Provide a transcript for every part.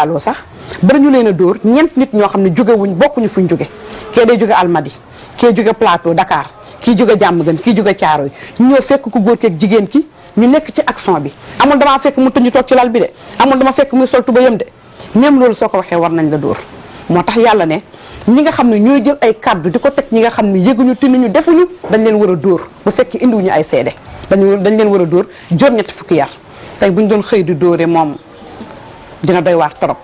Ndakaaloo sax bari leen a dóor ñeent nit ñoo xam ne jóge wuñ bokkuñu fuñ jóge kee day jóge Almadi kee jóge Plateau Dakar kii jóge Diamaguène kii jóge Thiaroye ñu ñëw fekk ku góor keeg jigéen ki ñu nekk ci action bi amul damaa fekk mu ñu toog ci bi de amul dama fekk muy sol tubayam de même loolu soo ko waxee war nañ la dóor moo tax yàlla ne ñi nga xam ne ñooy jël ay kàddu di ko teg ñi nga xam ne yëguñu tinuñu defuñu dañ leen war dóor bu fekk indiwuñu ay seede dañ dañ leen war a dóor jor ñetti fukki yar bu ñu doon xëy di dóore moom dina doy waar trop.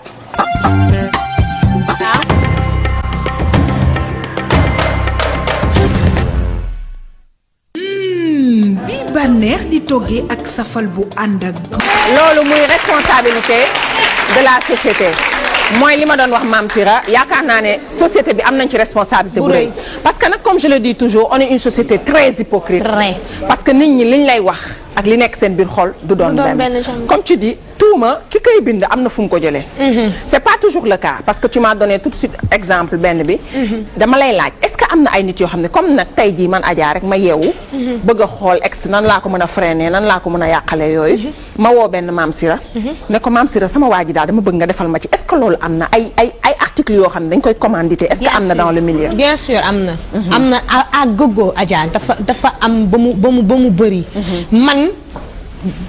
Hmm, bi bànneex di toggee ak safal bu ànd ak. loolu muy responsabilité de la société. mooy li ma doon wax maam Sira yaakaar naa ne société bi am nañ ci responsabilité bu rëy parce que nag comme je le dis toujours on est une société très hypocrite parce que nit ñi liñ lay wax ak li nekk seen biir xol du doon benn comme tu dis tuuma ki koy bind am na fu ko jëlee. Mhm. c'est pas toujours le cas parce que tu m'as donné tout de suite exemple benn bi. Mhm. dama lay laaj est-ce que am na ay nit yoo xam ne comme nag tey ji man Adja rek ma yeewu. Mhm. bëgg a xool ex nan laa ko mën a freiner nan laa ko mën a yàqale yooyu. ma woo benn maam Sira. ne ko maam Sira sama waa ji daal dama bëgg nga defal ma ci est-ce que loolu am na ay ay ay yoo xam ne dañ koy commandité est-ce que am na dans le milieu. bien sûr am na. am na am ba mu ba mu ba mu bëri man.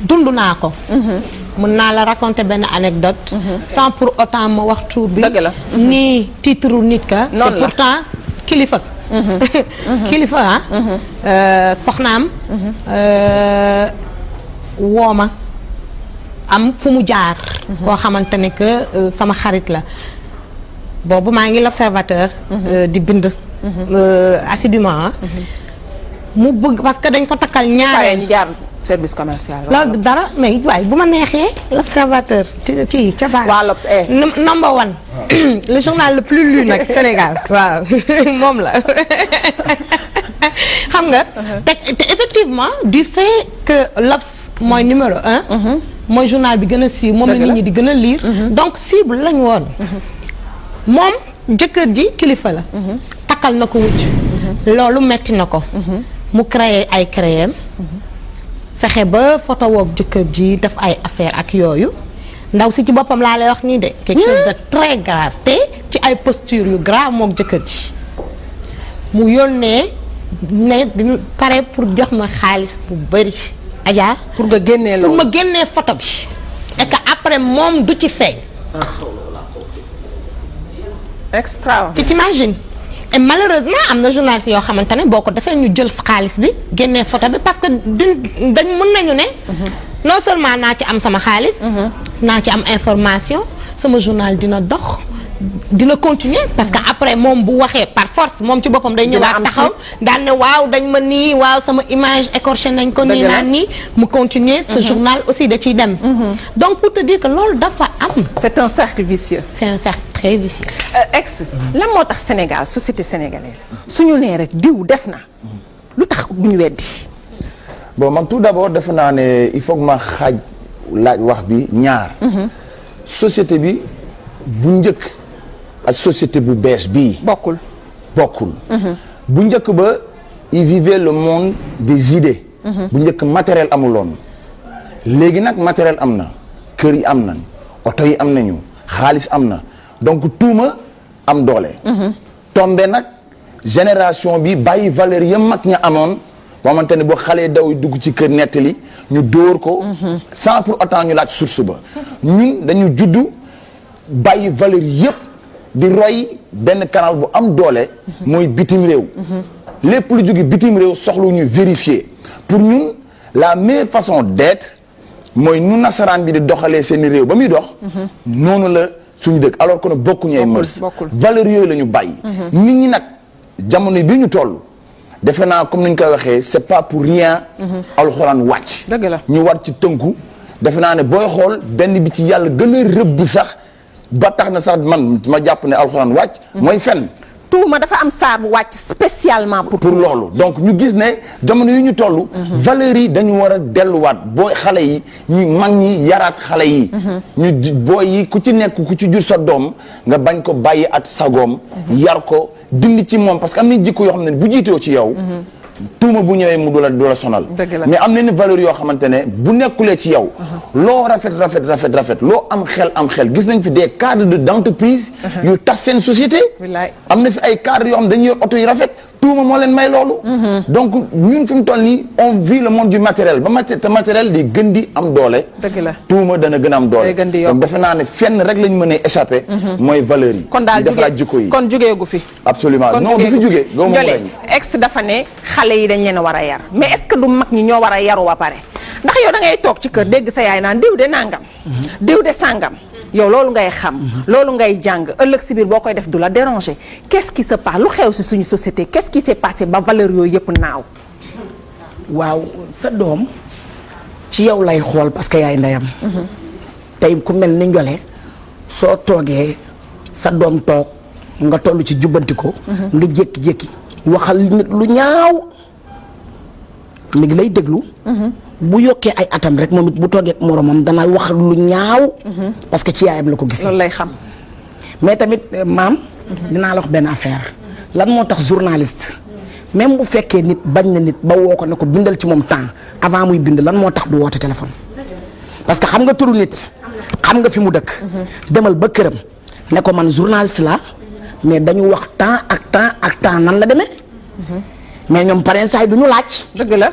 dund naa ko. Mhm. mën naa la raconter benn anecdote mhm. sans pour autant ma wax bi. la nii titre nit ka. te pourtant kilifa. Mhm. kilifa ah. Euh, soxnaam. Euh, wooma am fu mu jaar. koo xamante ne que euh, sama xarit la boobu maa ngi l'observateur. di bind. assidûment ah. mu bëgg parce que dañ ko takkal ñaareel. service commercial. loolu dara mais waaye bu ma neexee l' observateur kii ca baax. Eh. number one. Ah. le journal le plus lu nag Sénégal. waaw moom la xam nga. Uh-huh. te effectivement du fait que L'Obs mooy numéro un. Uh-huh. mooy journal bi gën a siiw moom la nit ñi di gën a lire. Uh-huh. donc cible lañ woon. moom jëkkër ji kilifa la. takkal na ko wujj. loolu metti na ko. mu créé ay créem sexe ba photo woog jëkkër ji def ay affaire ak yooyu ndaw si ci boppam laa lay wax nii de. quelque chose de très grave te ci ay posture yu grave moog jëkkër ji mu yónnee ne pare pour jox ma xaalis bu bari Adja pour nga génnee loolu pour ma génnee photo bi. et que après moom du ci feeñ. et malheureusement am na journaliste yoo xamante ne boo ko defee ñu jël xaalis bi génnee foto bi parce que duñ dañ mën nañu ne. non seulement naa ci am sama xaalis. naa ci am information sama journal dina dox. dina continuer parce que après moom bu waxee par force moom ci boppam day ñëwaat taxaw daan ne waaw dañ ma nii waaw sama image écorché nañ ko nii naan nii mu continuer ce mhm. journal aussi da ciy dem mhm. donc pour te dire que loolu dafa am c'est un cercle vicieux très difficile. Euh, ex lan moo tax Sénégal société sénégalaise suñu nee rek diw def na lu tax bu ñu weddi. bon man tout d'abord defe naa ne il faut que ma xaaj laaj wax bi ñaar. Mhm. société bi bu njëkk ak société bu bees bii. bokkul bokkul. Mhm. bu njëkk ba il vivait le monde des idées. Mhm. bu njëkk matériel amuloon. léegi nag matériel am na kër yi am na oto yi am nañu xaalis am na. donc tuuma am doole. Mhm. tombé nag génération bi bàyyi valeur ya mag ña amoon. moomante ne boo xalee daw dugg ci kër nettali ñu dóor ko. Mhm. sans pour autant ñu laaj source ba. ñun dañu juddu bàyyi valeur yépp di roy benn canal bu am doole. mooy bitim réew. Mhm. lépp lu jóge bitim réew soxlu ñu vérifier pour ñun la meilleure façon d'être mooy ñu nasaraan bi di doxalee seeni réew ba muy dox. noonu la. suñu dëkk alors kon nag bokkuñu ay mœurs valeur yooyu la ñu bàyyi mhm. nit ñi nag jamono bi ñu toll defe naa comme ni ñu koy waxee c'est pas pour rien mhm. alxuraan wàcc dëgg la ñu war ci tënku defe naa ne booy xool benn bi ci yàlla gën a rëbb sax ba tax na sax man ma jàpp ne alxuraan wàcc mhm. mooy fen tuuma dafa am saar bu wàcc spécialement pour. pour loolu donc ñu gis ne jamono yu ñu toll. Mhm. valeurs yi dañu war a delluwaat booy xale yi ñu mag ñi yaraat xale yi. Mhm. ñu booy yi ku ci nekk ku ci jur sa doom nga bañ ko bàyyi ak sagoom. Mhm. yar ko dindi ci moom parce que am na jikko yoo xam ne bu jiitoo ci yow. tuuma bu ñëwee mu du la du la sonal mais am nañu valeur yoo xamante ne bu nekkulee ci yow uh-huh. loo rafet rafet rafet rafet loo am xel am xel gis nañ fi des cadres d'entreprise uh-huh. yu tas seen société am na fi ay cadres yoo xam dañuy yor oto yu rafet tuuma moo leen may loolu. Mhm. donc ñun fi mu toll nii on monde du matériel ba maté matériel di gën di am doole. dëgg la tuuma dana gën am doole. donc defe naa ne fenn rek lañu mën a mhm. mooy valeur yi. kon daal jugee jikko yi kon jugee gu fi. absolument non du fi jugee. loolu moom ex dafa ne xale yi dañ leen a war a yar mais est-ce que du mag ñi ñoo war a yaru ba pare. ndax yow da toog ci kër dégg sa yaay naan diw de nàngam diw de sàngam yow loolu ngay xam loolu ngay jàng ëllëg si biir boo koy def du la déranger qu'est-ce qui se passe lu xew si suñu société qu'est-ce qui s'est passé ba valeur yooyu yëpp naaw waaw sa doom ci yow lay xool parce que yaay ndeyam tey ku mel ni njole soo toogee sa doom toog nga toll ci jubbanti nga jékki-jékki waxal nit lu ñaaw mi ngi lay déglu. bu yokkee ay atam rek moom it bu toogee moromam dana wax lu ñaaw. parce que ci yaayam la ko gis. loolu lay xam. mais tamit euh, maam. dinaa la wax benn affaire lan moo tax journaliste. même bu fekkee nit bañ na nit ba woo ko ne ko bindal ci moom temps avant muy bind lan moo tax du woote téléphone. parce que xam nga turu nit. xam nga fi mu dëkk. demal ba këram ne ko man journaliste la mais dañu wax temps ak temps ak temps nan la deme mais ñoom parents saay bi ñu laaj. dëgg la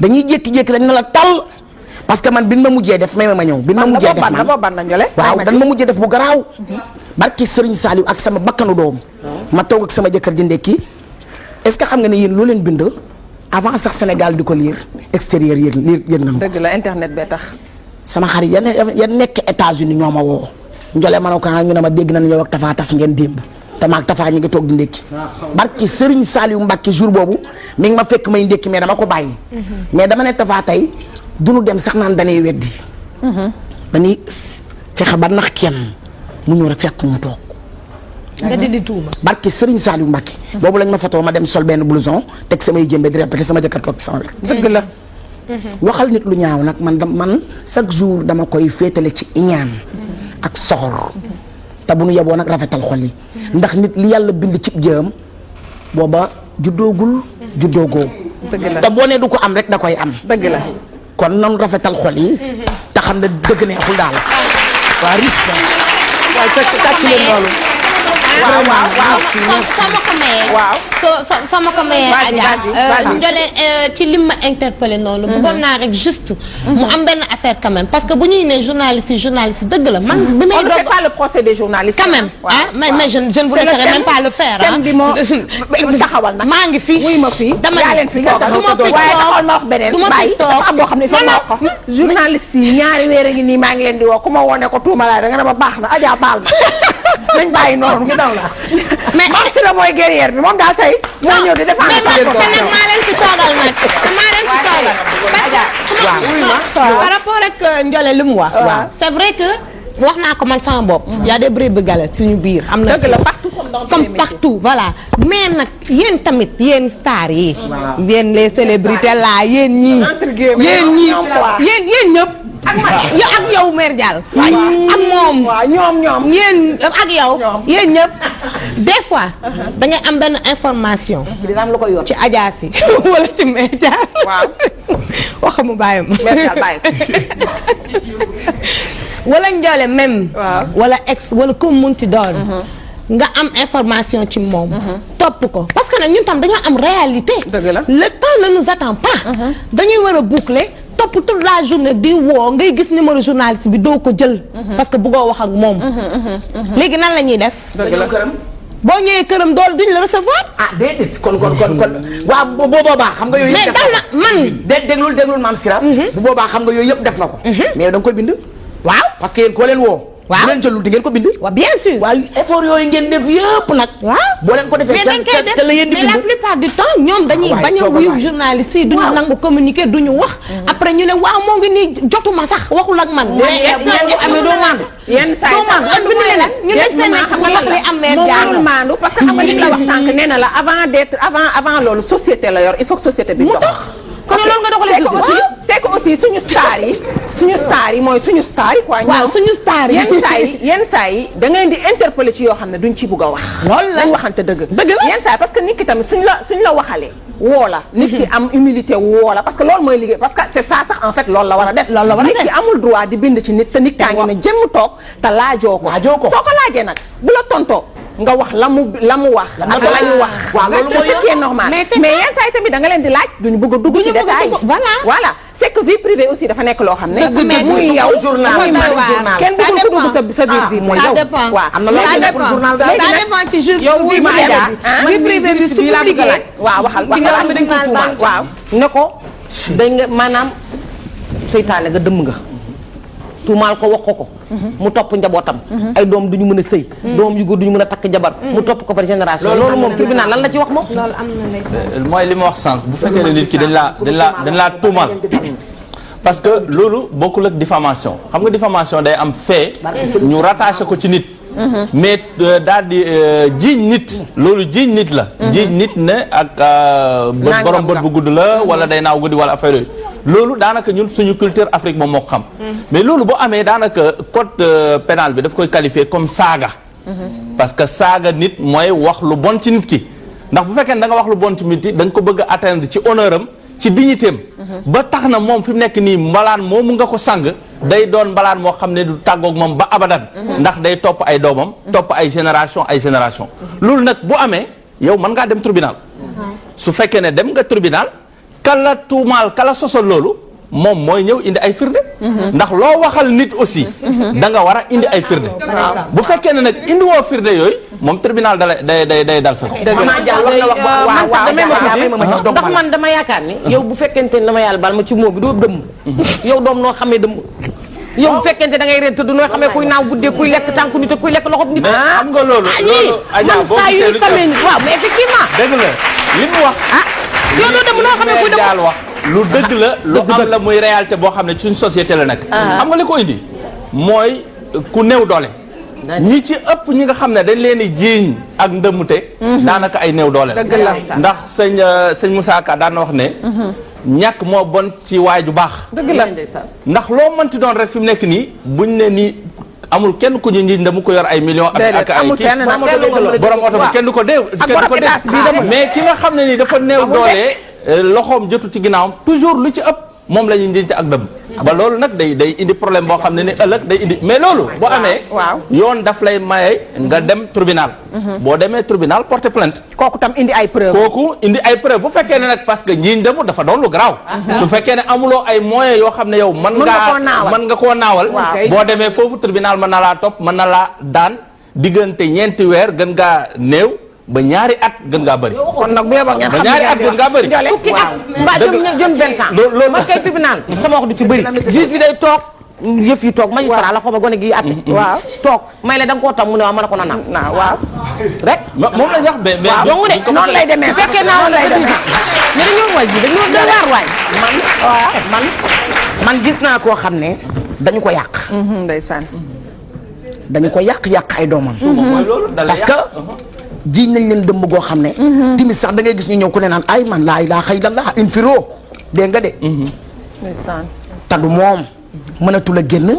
dañuy jékki-jékki dañ na la tal parce que man bin ma mujjee def may ma ma ah, ñëw. bin ma mujjee def man ban na waaw dañ ma mujjee def bu garaaw. barki Serigne Saliou ak sama bakkanu doom. ma toog ak sama jëkkër di ndekki est ce que xam nga ne yéen leen bind avant sax Sénégal di ko liir extérieur yéen liir yéen na ma. dëgg la internet bee tax. sama xarit yan yan nekk États-Unis ñoo ma woo. Njole ma ne ko ah, ñu ne ma dégg nañ yow ak Tafa tas ngeen démb. te maag Tafa ñu ngi toog di ndékki barki Serigne Saliou Mbacke jour boobu mi ngi ma fekk may ndékki mais dama ko bàyyi mais dama ne Tafa tey du dem sax naan dañuy weddi mhm. dañuy fexe ba nax kenn mu ñëw rek fekk ñu toog nga dindi tuuma barki Serigne Saliou Mbacke boobu lañ ma fetoo ma dem sol benn blouson teg samay jëmbe di répété sama jëkkër toog ci sama wet dëgg la mhm. waxal nit lu ñaaw nag man da man chaque jour dama koy féetale ci iñaan mhm. ak soxor te bu nu nag rafetal xol yi ndax nit li yàlla bind cib jëm booba juddoogul juddoogoo te boo ne du ko am rek da koy am dëgg la kon nan rafetal xol yi te xam ne dëgg neexul daal waa risque waaw tàcc leen loolu waaw waaw so so sama ko mayee Adja ñu euh, doone euh, ci lim ma interpellé noonu mhm. bëggoon naa rek juste mhm. mu am benn affaire quand parce que bu ñuy ne journaliste yi journaliste dëgg la man bi may doog pas le procès des maa ngi fii wuy ma fii dama leen fi ma fi toog ma wax beneen du ma fi toog ne ko maa ngi leen di ma woone ko tuumalaay da nga ne ma baax na Adja baal ma nañ bàyyi noonu ngi daw la la mooy guerrière bi moom daal tey tey moo nag maa leen fi toogal. par rapport ak euh, Ndiolé li mu c'est vrai que wax naa ko man sama bopp. Mhm. y a des brebis biir am na. dëgg la partout comme partout voilà mais nag yéen tamit yéen star yi. yéen les célébrités là yéen ñii. yéen ñii ak yow mère Diall. ak moom. waaw ak yow yéen ñëpp. de fois. da ngay am benn information. Mhm. dina am lu koy yor ci Adja si wala ci média. waaw waxamu bàyyi ma. wala njoole même. wala ex wala ku mun munti doon. Mhm. nga am information ci moom. Mhm. topp ko parce que nag ñun tam dañoo am réalité. la le temps ne nous attend pas. dañuy war a boucler. topp toute la journée di woo ngay gis numéro journaliste bi doo ko jël. parce que bëggoo wax ak moom. léegi nan la ñuy def. boo ñëwee këram dool duñ la recevoir. ah déedéet kon kon kon kon waaw bu boobaa xam nga yooy mhm. yëpp. def na ko man dé déglul déglul maam Sira. bu boobaa xam nga yooy yëpp def na ko. mais da nga koy bind. waaw parce que yéen koo leen woo. waaw bu leen ca lu di ngeen ko bind. waaw bien sûr waaw effort yooyu ngeen def yëpp nag. waaw boo leen ko defee ca ca la yéen bind. du temps ñoom dañuy bañ a mm-hmm. après ñu ne moo ngi nii jotuma sax waxul ak man. mais est-ce doo maandu. yenn saa yi sax lan mooy lan ñu nga li am meer jaanu maandu parce que xam nga li wax mm-hmm. sànq nee na la avant d'être avant avant loolu société la yor il faut société bi dox kon loolu nga doxalee gis aussi c'est que aussi suñu star yi suñu star yi mooy suñu star yi quoi waaw suñu star yi yenn saa yi yenn saa di interpeller yoo xam ne duñ ci bugg wax loolu lañ waxante dëgg dëgg la yenn saa yi parce que nit ki tamit suñ la suñ la waxalee woola nit ki am humilité woola parce que loolu mooy liggéey parce que c'est ça sax en fait loolu la war a def loolu la war nit ki amul droit di bind ci nit te nit kaa ngi ne jëmm toog te laajoo ko soo ko laajee nag bu la tontoo nga wax la mu la mu wax. ak la ñu wax. c'est ce qui est normal mais yenn saa yi tamit da nga leen di laaj. duñu bëgg a dugg ci détail voilà. voilà c'est que vie aussi dafa nekk loo xam ne. muy yow muy man kenn ah, na loo xam ne pour journal bi ah, su ko liggéey waaw waxal waxal dañ ko tuuma ko dañ nga maanaam seytaane nga dëmm nga. tuumaal ko wax ko ko mhm. mu topp njabootam mhm. ay doom ñu mën a sëy mhm. doom yu góor ñu mën a takk jabar mu topp ko par génération loolu moom tribunal lan la ci wax moom euh, mooy li ma wax sànq bu fekkee ne nit ki dañ laa dañ laa dañ laa tuumaal parce que loolu bokkul ak diffamation xam nga diffamation day am fait ñu rattaché ko ci nit mais euh, daal di euh, jiiñ nit loolu jiiñ nit la jiiñ nit ne ak bët bët bu gudd la wala day naaw guddi wala affaire yooyu loolu daanaka ñun suñu culture Afrique moom moo xam. mais loolu boo amee daanaka code euh, pénal bi daf koy qualifier comme saaga. parce que saaga nit mooy wax lu bon ci nit ki ndax bu fekkee ne da nga wax lu bon ci nit ki da nga ko bëgg a atteindre ci honneur am ci dignité am ba tax na moom fi nekk nii mbalaan moomu nga ko sang. day doon mbalaan moo xam ne du tàggoog moom ba abadan. ndax day topp ay doomam. topp ay génération ay génération. loolu nag bu amee yow mën ngaa dem tribunal. su fekkee ne dem nga tribunal. kala tuumaal kala sosal loolu moom mooy ñëw indi ay firnde mhm. ndax loo waxal nit aussi mhm. da nga war a indi ay firnde bu fekkee ne nag indi woo firnde yooyu moom tribunal dala day day day dal sa kaw ndax man dama yaakaar ni yow bu fekkente ne dama yàlla baal ma ci moo bi doo dëmm mhm. yow doom noo xamee dëmm yow bu fekkente da ngay ren tëdd noo xamee kuy naaw guddee kuy lekk tànku nit kuy lekk loxo nit xam nga loolu ah, loolu man saa yu xamee waaw mais effectivement dëgg la li mu wax ah. loolu de mënoo xam lu dëgg la lu am la muy réalité boo xam ne suñ société la nag ah. xam nga li ko indi mooy ku néew doole ñi ci ëpp ñi nga xam ne dañ leen di jiiñ ak ndëmute mhm. daanaka ay new doole la ndax sëñ euh, sëñ Moussa Ka daan na wax ne mhm. ñàkk moo bon ci waaye ju baax dëgg la ndax loo mënti doon rek fi nekk nii buñ ne nii amul kenn ku ñu njiñ dama ko yor ay millions. ak ay kii borom oto bi kenn ko dee. kenn du ko dee mais ki nga xam ne ni dafa néew doole loxoom jotu ci ginnaawam toujours lu ci ëpp moom la ñuy njiñte ak dëmm ba loolu nag day day indi problème boo xam ne ni ëllëg day indi mais loolu boo amee waaw yoon daf lay maye nga mhm. dem tribunal mhm. boo demee tribinal porter plainte kooku tam indi ay preuve kooku indi ay preuve bu fekkee ne nag parce que ñiiñ demu dafa doon lu garaaw su fekkee ne amuloo ay moyens yoo xam ne yow mën ngaa mën nga koo naawal boo demee foofu tribunal mën na laa topp mën na laa daan diggante ñeenti weer gën ngaa néew ba ñaari at gën ngaa bëri. kon nag bu yeboo ngeen mm-hmm. ci bëri. juge bi day toog yëf toog magistrat la xaw ma gone gi at. Mm-hmm. waaw toog da nga koo tam mu ne waaw mën na ko naan. waaw waaw rek. moom la ñu wax mais mais. gis naa koo xam ne dañu ko yàq. Mm-hmm, ndeysaan. ko yàq yàq ay doomam. parce que jiiñ nañ leen dëmm goo xam ne. Mhm. timis sax da ngay gis ñu ñëw ko ne naan ay man laay laa xëy lan laa infiro dégg nga de. Mhm. ndeysaan. tadu moom. Mhm. mënatu la génn.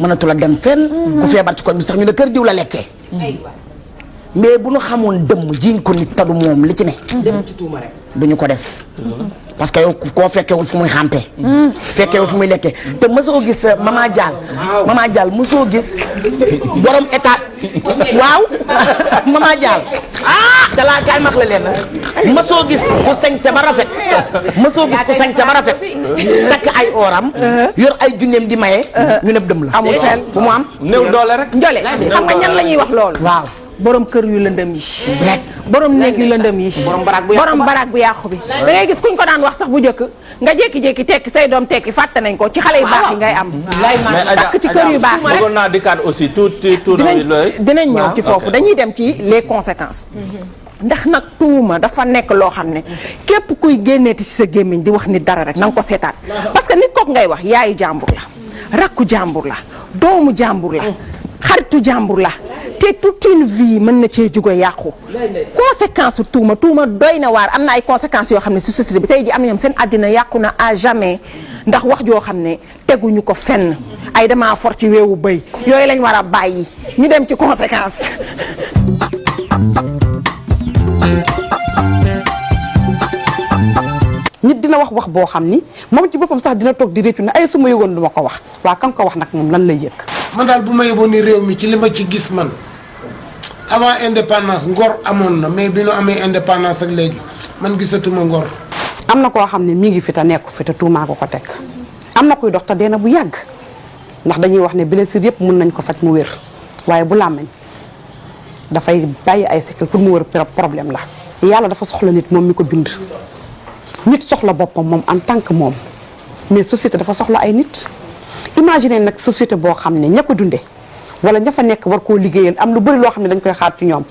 mënatu la dem fenn. ku feebar ci koñ bi sax ñu ne kër diw la lekkee. mais bu ñu xamoon dëmm jiiñ ko nit tadu moom li ci ne. dem ci tuuma ko def. parce que yow koo fekkewul fu muy xàmpe hmm. fekkewul fu muy lekkee te mësoo gis euh, maman Diall maman Diall mësoo gis borom état waaw maman Diall ah dalaa kaay max la leen mësoo gis ku sañse ba rafet mësoo gis ku sañse ba rafet takk ay ooram uh-huh. yor ay junneem di maye uh-huh. ñu nepp dëm la amul fenn fu mu am njole xam nga ñan la ñuy wax loolu waaw borom kër yu lëndëm yi. borom néeg yu lëndëm yi. borom baraag bu yàqu bu yàqu bi. da gis kuñ ko daan wax sax bu jëkk nga jékki-jékki tekki say doom tekki fàtte nañ ko ci xale yu baax yi ngay am. takk ci kër yu baax yi bëggoon naa dikkaat aussi tuuti tuuti. dinañ ñëw ci foofu dañuy dem ci les conséquences. Mhm. ndax nag tuuma dafa nekk loo xam ne képp kuy génneeti ci sa gémmiñ di wax nit dara rek nanga ko seetaat. parce que nit kooku ngay wax yaayu jàmbur la rakku jàmbur la doomu jàmbur la mm. xaritu jàmbur la te toute une vie mën na cee jugo yàqu conséquence tuuma tuuma doy na waar am na ay conséquences yoo xam ne si société bi tey ji am na ñoom seen àddina yàqu na à jamais ndax wax joo xam ne teguñu ko fenn ay dama for ci weewu bëy yooyu lañ war a bàyyi ñu dem ci conséquence nit dina wax wax boo xam ni moom ci boppam sax dina toog di réccu ne ay su ma yëgoon lu ma ko wax waa kan ko wax nag moom lan lay yëg man daal bu ma yeboon ni réew mi ci li ma ci gis man avant indépendance ngor amoon na mais bi ñu amee indépendance ak léegi man gisatuma ngor. am na koo xam ne mii ngi fita nekku fi te ko teg am na kuy dox te dee na bu yàgg ndax dañuy wax ne blessure yëpp mun nañ ko faj mu wér waaye bu làmmiñ dafay bàyyi ay séquelles pour mu wër problème la. yàlla dafa soxla nit moom mi ko bind nit soxla boppam moom en tan que moom mais société dafa soxla ay nit. imaginez nag société boo xam ne ña ko dundee wala ña nekk war koo liggéeyal am lu bëri loo xam ne dañ koy xaar ci ñoom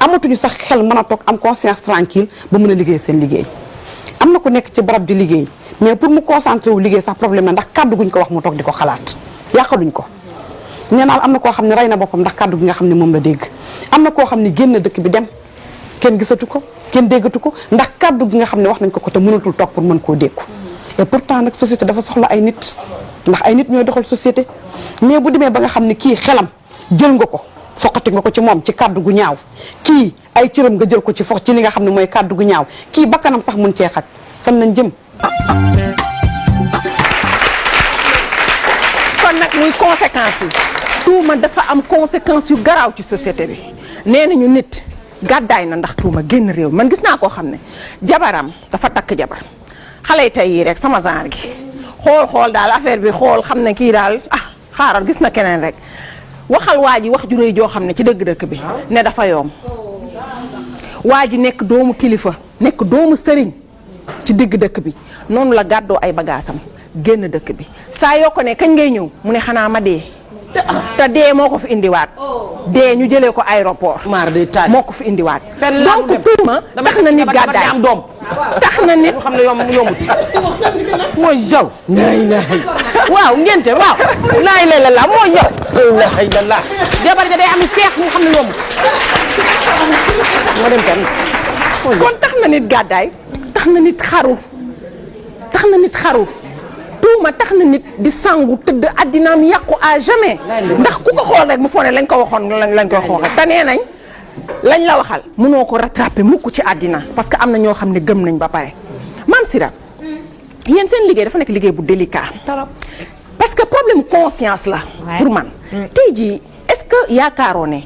amatuñu sax xel mën a toog am conscience tranquille ba mën a liggéey seen liggéey am na ku nekk ci barab di liggéey mais pour mu concentré wu liggéey sax problème la ndax kàddu guñ ko wax mu toog di ko xalaat yàqaluñ ko nee naa am na koo xam ne rey na boppam ndax kàddu gi nga xam ne moom la dégg am na koo xam ne génn dëkk bi dem kenn gisatu ko kenn déggatu ko ndax kàddu gi nga xam ne wax nañ ko ko te mënatul toog pour mën koo dégg et pourtant nag société dafa soxla ay nit ndax ay nit ñooy doxal société mais bu demee ba nga xam ne kii xelam jël nga ko foqati nga ko ci moom ci kàddu gu ñaaw kii ay cëram nga jël ko ci fox ci li nga xam ne mooy kàddu gu ñaaw kii bakkanam sax mun cee xaj fan nañ jëm kon nag muy conséquences yi tuuma dafa am conséquences yu garaaw ci société bi nee nañu nit gàddaay na ndax tuuma génn réew man gis naa koo xam ne jabaram dafa takk jabar xale yi tey yii rek sama genre gi xool-xool daal affaire bi xool xam ne kii daal ah xaaral gis na keneen rek waxal waa ji wax ju joo xam ne ci dëgg dëkk bi ne dafa yoom waa ji nekk doomu kilifa nekk doomu sëriñ ci digg dëkk bi noonu la gàddoo ay bagaasam génn dëkk bi saa yoo ko ne kañ ngay ñëw mu ne xanaa ma dee te dee moo ko fi indiwaat. Oh. dee ñu jëlee ko aéroport. moo ko fi indiwaat. donc tuuma tax na nit gàddaay am doom. tax na nit xam ne yomb yombut. mooy yow. naay naay. waaw ngente waaw. naay lay la mooy yow. naay la la. jabar ja day am seex mu xam ne yombut. kon tax na nit gàddaay. tax na nit xaru. tax na nit xaru. tuuma tax na nit di sangu tëdd addinaam yàqu à jamais ndax ku ko xool rek mu foog ne lañ ko waxoon lañ koy xooxal te nee nañ lañ la waxal mënoo ko rattraper mukk ci àddina parce que am na ñoo xam ne gëm nañ ba pare maam Sira yéen seen liggéey dafa nekk liggéey bu délicat parce que problème conscience la pour man mm. tey jii est-ce que yaakaaroo ne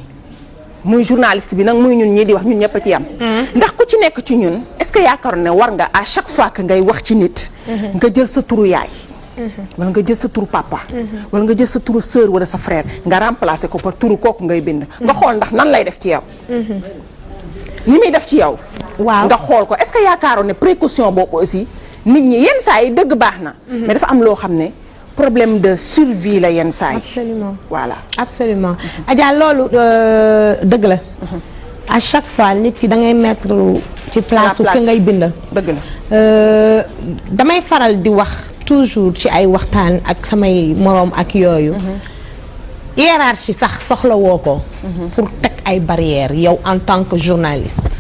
muy journaliste bi nag muy ñun ñii di wax ñun ñëpp ci yam mm-hmm. ndax ku ci nekk ci ñun est-ce que yaakaaroon ne war nga à chaque fois que ngay wax ci nit. Mm-hmm. nga jël sa turu yaay. Mm-hmm. wala nga jël sa turu papa. wala nga jël sa turu sœur wala sa frère nga remplacer ko par turu kooku ngay bind. nga xool ndax nan lay def ci yaw ni muy def ci yow. waaw nga xool ko est-ce que yaakaaroon ne précaution boobu aussi nit ñi yenn saa yi dëgg baax na. mais dafa am loo xam ne. problème de survie la yenn saa yi. absolument voilà. absolument mhm. Adja loolu euh, dëgg la. Mhm. à chaque fois nit ki da ngay mettre ci place ki ngay bind. dëgg euh, damay faral di wax toujours ci ay waxtaan ak samay moroom ak yooyu. Mhm. hiérarchie sax soxla woo ko. pour teg ay barrières yow en tant que journaliste.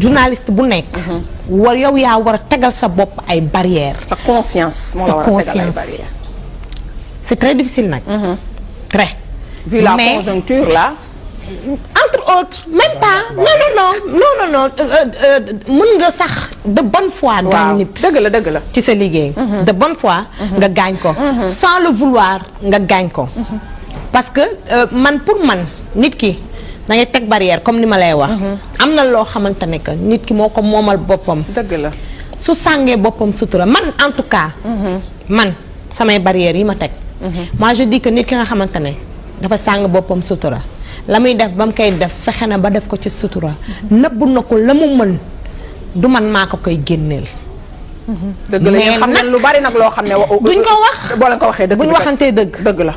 journaliste bu nekk. war yow yaa war a tegal sa bopp ay barrières. sa conscience moo la war a tegal ay barrières c'est très difficile nag. Mm-hmm. très. mais, entre autres même pas non non non non non non euh, euh, nga sax de bon fois gaañ nit dëgg la dëgg la. ci sa liggéey. Mm-hmm. de bonne foi. Mm-hmm. nga gaañ ko. sans le vouloir nga gaañ ko. parce que euh, man pour man nit ki. da teg barrière comme ni ma lay wax. Mhm. am na loo xamante ne que nit ki moo ko moomal boppam. dëgg la su sàngee boppam sutura man en tout cas. Mhm. man samay barrières yi ma teg. ma mhm. je dis que nit ki nga xamante ne dafa sàng boppam sutura la muy def ba mu koy def fexe na ba def ko ci sutura. nëbb na ko la mu mën du man maa ko koy génneel. dëgg la ñu xam na lu bari nag loo xam ne. duñ ko wax boo leen ko waxee dëgg buñ waxantee dëgg dëgg la.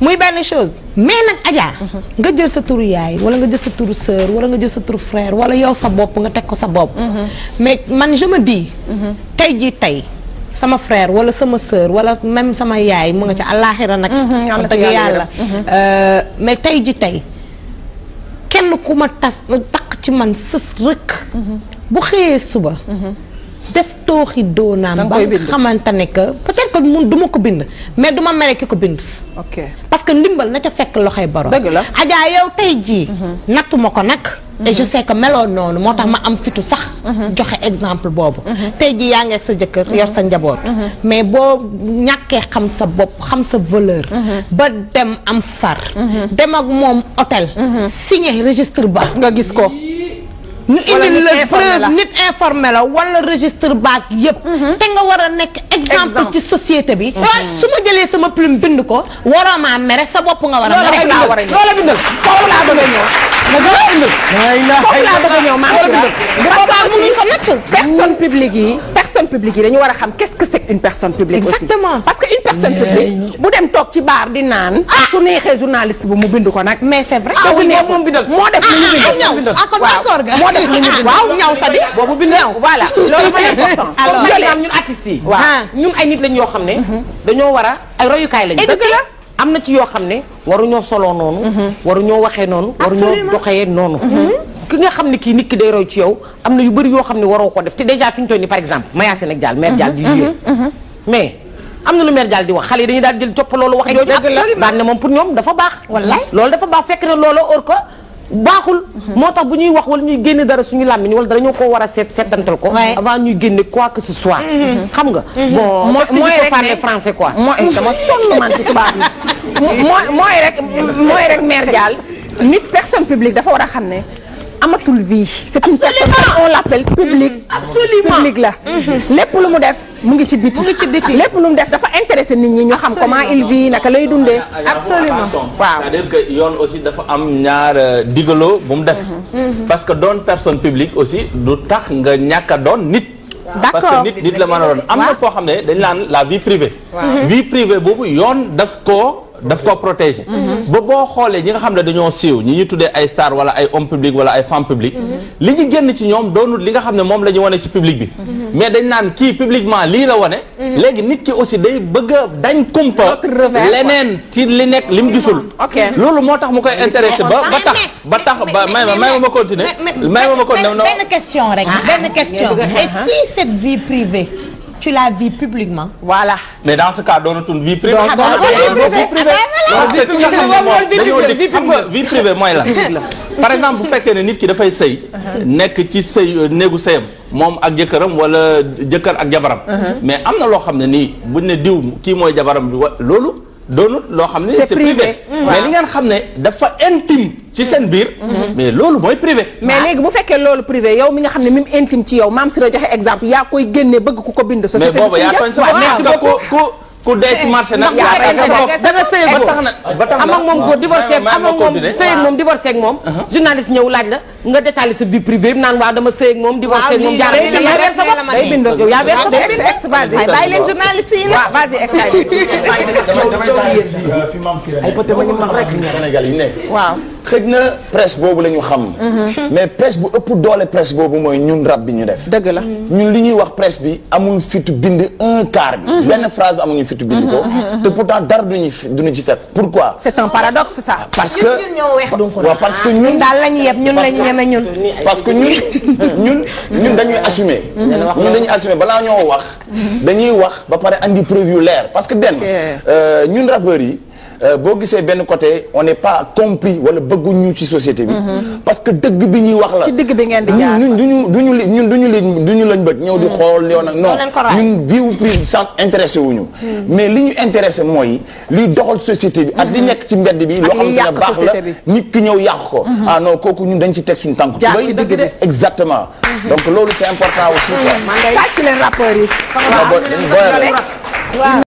muy benn chose mais nag Adja. Mhm. nga jël sa turu yaay wala nga jël sa turu sœur wala nga jël sa turu frère wala yow sa bopp nga teg ko sa bopp. Mhm. mais man je di dis. Mhm. tey jii tey sama frère wala sama sœur wala même sama yaay mu nga ca àllaaxira nag. am na yàlla euh, mais tey jii tey kenn ku ma tas taq ci man sës rëkk. bu xëyee suba. def tooxi doonaam ba nga xamante ne que peut-être que mun du ma ko bind mais du ma mere ki ko bind ok parce que ndimbal na ca fekk loxoy borom dëgg la Adja yow tey jii mhm. nattu ma ko nag et je sais que meloon noonu moo tax ma am fitu sax mhm. joxe exemple boobu mhm. tey ji yaa ngi sa jëkkër yor sa njaboot mais boo ñakkee xam sa bopp xam sa valeur ba dem am far dem ak moom hôtel signé registre ba nga gis ko ñu indil la preuve nit informé wala registre baak yëpp mhm. te nga war a nekk exemple ci société bi mhm. waaye su sama plume bind ko waroo maa mere sa bopp nga war a mere loola bindal foofu laa bëgg a ñëw ma gën a bindal foofu laa bëgg a ñëw maa ko personne publique yi dañu war a xam qu'est-ce que c'est une personne publique exactement aussi. parce que une personne publique bu dem toog ci baar di naan ah! su neexee journaliste bu mu bind ko nag mais se vrai ah, ah moo def lu ñu bind moo def lu ñu bind waaw ñaw sa di boobu bind voilà ñun artistes yi waaw ñun ay nit lañ yoo xam ne dañoo war a ay royukaay lañ dëgg la am na ci yoo xam ne waru waruñoo soloo noonu mhm. ñoo waxee noonu waruñoo doxee noonu mhm. ki nga xam ne kii nit ki day roy ci yow am na yu bëri yoo xam ne waroo ko def te déjà fi ñu toll nii par exemple mayaase nag jaal maire jaal di mhm, joué mhm, mhm. mais am na lu maire jaal di wax xale yi dañuy daal jël topp loolu wax jooju ak daan ne moom pour ñoom dafa baax wallaay loolu dafa baax fekk na loolu or ko baaxul moo tax bu ñuy wax wala ñuy génne dara suñu làmmiñ wala dara ñoo ko war a set seetantal ko avant ñuy génne quoi que ce soit xam nga bon parce que il faut parler français quoi dama sonn man ci tubaab yi mooy rek mooy rek maire dafa war a xam ne amatul vie c'est personne public mm-hmm. public la mm-hmm. lépp lu mu def mu ngi ci biti lépp lu mu def dafa intéressé nit ñi ñu xam comment il vit naka lay dundee absolument waaw yoon aussi dafa am ñaar euh, digaloo bu mu def mm-hmm. parce que doon personne publique aussi du tax nga ñàkk a doon nit d'accord parce que nit nit la mën a doon am na foo xam ne dañ laan la vie privée vie privée boobu yoon daf ko daf ko protége ba boo xoolee ñi nga xam ne dañoo siiw ñi ñu tuddee ay star wala ay homme public wala ay femme public. li ñu génn ci ñoom doonul li nga xam ne moom la ñu wane ci public bi. mais dañ naan kii publiquement lii la wane. léegi nit ki aussi day bëgg a dañ kumpa. leneen ci li nekk li mu gisul. loolu moo tax mu koy intéressé ba ba tax ba tax ba may ma may ma continuer. may ma ma continuer benn question rek benn question. et si cette vie tu la vis voilà mais dans ce cas doonatul vie privée. vie privée mooy la par exemple bu fekkee ne nit ki dafay say nekk ci sëy euh, néegu sëyam. moom ak jëkkëram wala jëkkër ak jabaram. Uh-huh. mais am na loo xam ne nii buñ ne diw kii mooy jabaram loolu. doonut loo xam ne c'est privé mais li ngeen xam ne dafa intime ci seen biir mhm. mais loolu mooy privé mais ah. léegi bu fekkee loolu privé yow mi nga xam ne même intime ci yow maam si la joxe exemple yaa koy génne bëgg ku ko bind société mais boobu yaa tooñ sa merci beaucoup nga sëy ba tax moom góor divorcé am moom sëy moom divorcé ak moom uh-huh. journaliste ñëw laaj la nga détaillé sa vie privée bi naan waaw dama sëy ak moom. divorcé ak moom jaarale ko yaa weer sa bopp day bind yow yaa weer sa bopp. waaw bàyyi leen journaliste yi la. waaw vas y extérieur. waaw xëj na presse boobu la ñu xam. Mhm. mais presse bu ëpp doole presse boobu mooy ñun rab bi ñu def. dëgg la ñun li ñuy wax presse bi amul fitu bind un quart bi. Mhm. benn phrase bi amuñu fitu bind ko. Mhm. te pourtant dara duñu duñu ci fekk pourquoi. c'est un paradoxe ça. parce que ñun ñoo weex. waaw parce que ñun daal la ñu yeb ñun la ñu yeb amee ñun. parce que ñun ñun ñun dañuy assumer. ñun dañuy assumer balaa ñoo wax. dañuy wax ba pare andi preuve yu leer parce que benn euh, ñun rappeurs yi. Euh, boo gisee benn côté on n'est pas compris wala bëgguñu ci société bi. Mhm. parce que dëgg bi ñuy wax la. ci dëgg bi ngeen di jaar ñun ñu duñu li ñun duñu li duñu lañ bët. ñëw di mhm. xool yoon ak non ñun vie privée sax intéressé wuñu mhm. mais li ñu intéressé mooy li doxal société bi. ak li nekk ci mbedd bi. loo xam ne baax la nit ñëw yàq ko. ah kooku ñun dañ ci teg suñu tànk. jaar ci dëgg bi exactement. donc loolu c'est important aussi quoi. man de tàcc